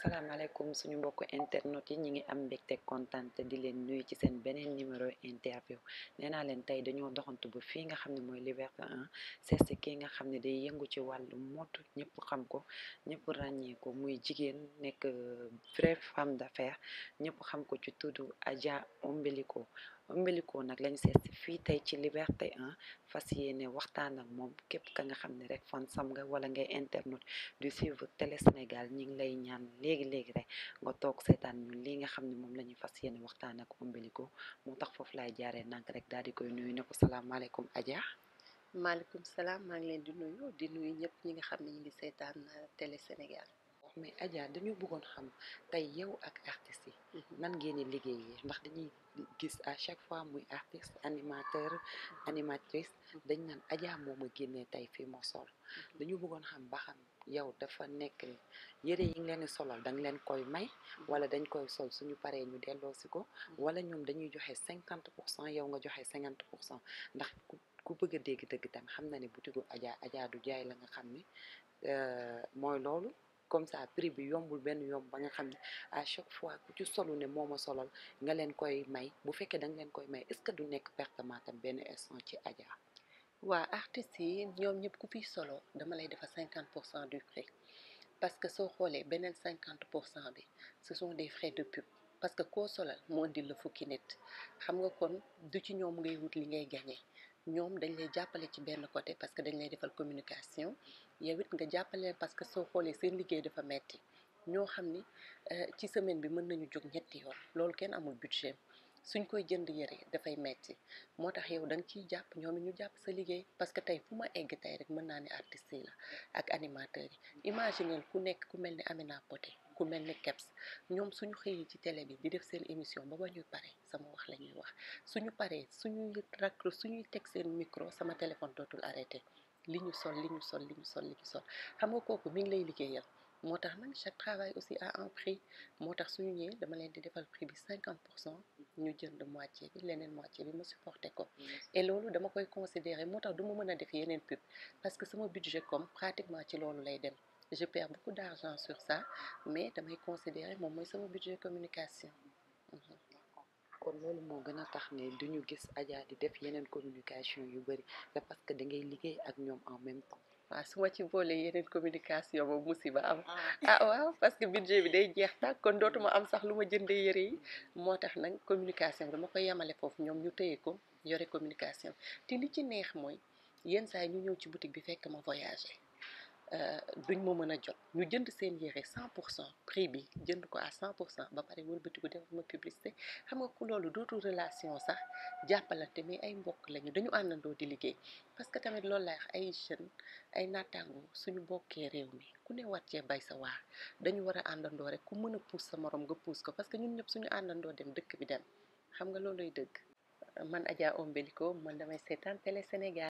salaamaaleykum suñu mbokku internet yi ñi ngi am mbégte kontaan te di leen nuyu ci seen beneen numéro interview nee naa leen tey dañoo doxantu ba fii nga xam ne mooy Liberté 1 c'est kii nga xam ne day yëngu ci wàllu mode ñëpp xam ko ñëpp ràññeeko muy jigéen nekk euh, vraie femme d'affaires ñëpp xam ko ci tuddu Adja Ombélico Mbéliko nag lañu seet si fii tey ci Liberté 1 ah, fas yéene waxtaan ak moom képp ka nga xam ne rek fan sam nga wala ngay internet du suivre Télé Sénégal ñi ngi lay ñaan léegi léegi rek nga toog seetaan ñun lii nga xam ne moom la ñuy fas yéene waxtaan ak Mbéliko moo tax foofu laay jaaree nank rek daal di koy nuyu ne ko salaamaaleykum Adja. maaleykum salaam maa ngi leen di nuyu di nuyu ñëpp ñi nga xam ne ñu ngi seetaan ah, Télé Sénégal. mais Adja dañu bëggoon xam tey yow ak artistes yi mhm. nan ngeen liggéey liggéeyee ndax dañuy gis à chaque fois muy artiste animateur mhm. animatrice mhm. dañ naan Adja moo ma génnee tey fii ma sol dañu buggoon xam ba xam yow dafa nekk ni yi ngi leen di solal da leen koy may wala dañ koy sol suñu paree ñu delloo si ko wala ñoom dañuy joxe cinquante pour cent yow nga joxe cinquante pour cent ndax ku bëgg a dégg dëgg tam xam na ne butigu Adja Adja du jaay la nga xam ne euh, mooy loolu comme ça prix bi yombul benn yomb ba nga xam ne à chaque fois ku ci solu ne moom ma solal nga leen koy may bu fekkee da leen koy may est-ce que du nekk pertement tam benn instant ci Adja. waa artistes yi ñoom ñëpp ku fi solo dama lay defar cinquante pour cent du prix parce que soo xoolee beneen cinquante pour cent bi ce sont des frais de pub parce que koo solal moo indi fukki nit xam nga kon du ci ñoom ngay wut li ngay gagné. ñoom dañ lay jàppale ci benn côté parce que dañ lay defal communication yow it nga jàppale parce que soo xoolee seen liggéey dafa metti ñoo xam ni euh, ci semaine bi mën nañu jóg ñetti yoon loolu kenn amul budget suñ koy jënd yëre dafay metti moo tax yow da nga ciy jàpp ñoom ñu jàpp sa liggéey parce que tey fu ma egg tey rek mën naa ne artistes la ak animateurs yi imaginel ku nekk ku mel ni naa Poté ku mel ni keps ñoom suñu xëyee ci télé bi di def seen émission booba ba ñuy pare sama wax la ñuy wax suñu paree suñuy rakk suñuy teg seen micro sama téléphone dootul arrêté li ñu sol li ñu sol li ñu sol li ñu sol xam nga kooku mi ngi lay liggéeyal moo tax nag chaque travail aussi à un prix moo tax suñu ñëwee dama leen di defal prix bi cinquante pour cent ñu jënd moitié bi leneen moitié bi ma supporté ko et loolu dama koy considéré moo tax du ma mën a def yeneen pub parce que sama budget comme pratiquement ci loolu lay dem je perds beaucoup d'argent sur ça mais damay considérer moom mooy sama budget communication. Mhm. kon loolu moo gën a tax ne du ñu gis Adja di def yeneen communication yu bëri parce que da ngay liggéey ak ñoom en même temps. waaw ah, ma ci boole yeneen communication ba musiba am ah, ah parce que budget bi day jeex nag kon dootuma am sax lu ma jëndee yëre yi moo tax nag communication dama koy yemale foofu ñoom ñu téye ko yore communication ti li ci neex mooy yen saa yi ñu ñëw ci boutique bi fekk ma voyager. Euh, duñ ma mën a jot ñu jënd seen yére cent pour cent prix bi jënd ko à cent pour cent ba pare wëlbatiku def ma publicité xam nga ku loolu dootul relation sax jàppalante mais ay mbokk lañu dañu àndandoo di liggéey parce que tamit loolu lay wax ay jeunes ay naataango suñu bokkee réew mi ku ne war cee bay sa waar dañu war a àndandoo rek ku mën a puus sa morom nga puus ko parce que ñun ñëpp suñu àndandoo dem dëkk bi dem xam nga looluy dëgg man Adja Ombeliko man damay